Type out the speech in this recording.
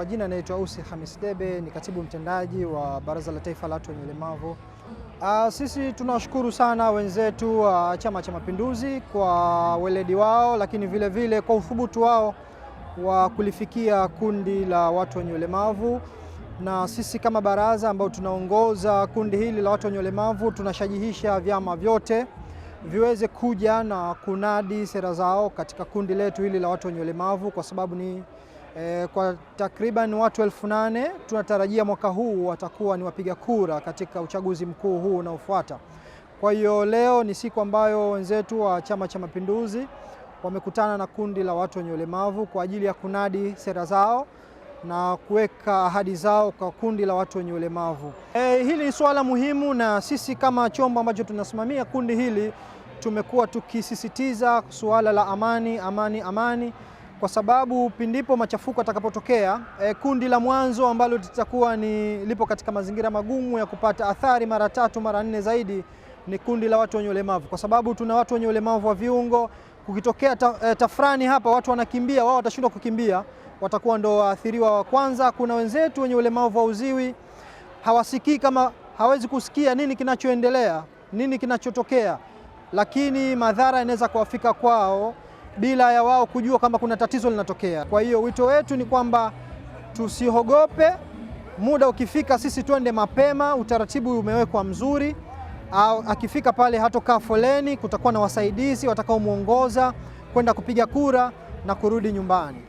Kwa jina naitwa Ussi Khamis Debe, ni katibu mtendaji wa Baraza la Taifa la Watu wenye Ulemavu. Ah, sisi tunawashukuru sana wenzetu wa Chama cha Mapinduzi kwa weledi wao, lakini vile vile kwa uthubutu wao wa kulifikia kundi la watu wenye ulemavu, na sisi kama baraza ambao tunaongoza kundi hili la watu wenye ulemavu tunashajihisha vyama vyote viweze kuja na kunadi sera zao katika kundi letu hili la watu wenye ulemavu kwa sababu ni E, kwa takriban watu elfu nane tunatarajia mwaka huu watakuwa ni wapiga kura katika uchaguzi mkuu huu unaofuata. Kwa hiyo leo ni siku ambayo wenzetu wa Chama cha Mapinduzi wamekutana na kundi la watu wenye ulemavu kwa ajili ya kunadi sera zao na kuweka ahadi zao kwa kundi la watu wenye ulemavu. E, hili ni suala muhimu na sisi kama chombo ambacho tunasimamia kundi hili tumekuwa tukisisitiza suala la amani, amani, amani kwa sababu pindipo machafuko atakapotokea, e, kundi la mwanzo ambalo litakuwa ni lipo katika mazingira magumu ya kupata athari mara tatu mara nne zaidi ni kundi la watu wenye ulemavu, kwa sababu tuna watu wenye ulemavu wa viungo. Kukitokea ta, e, tafrani hapa watu wanakimbia, wao watashindwa kukimbia, watakuwa ndo waathiriwa wa kwanza. Kuna wenzetu wenye ulemavu wa uziwi, hawasikii kama hawezi kusikia nini kinachoendelea, nini kinachotokea, lakini madhara yanaweza kuwafika kwao bila ya wao kujua kama kuna tatizo linatokea. Kwa hiyo wito wetu ni kwamba tusiogope, muda ukifika sisi twende mapema, utaratibu umewekwa mzuri. Au akifika pale hatokaa foleni, kutakuwa na wasaidizi watakaomwongoza kwenda kupiga kura na kurudi nyumbani.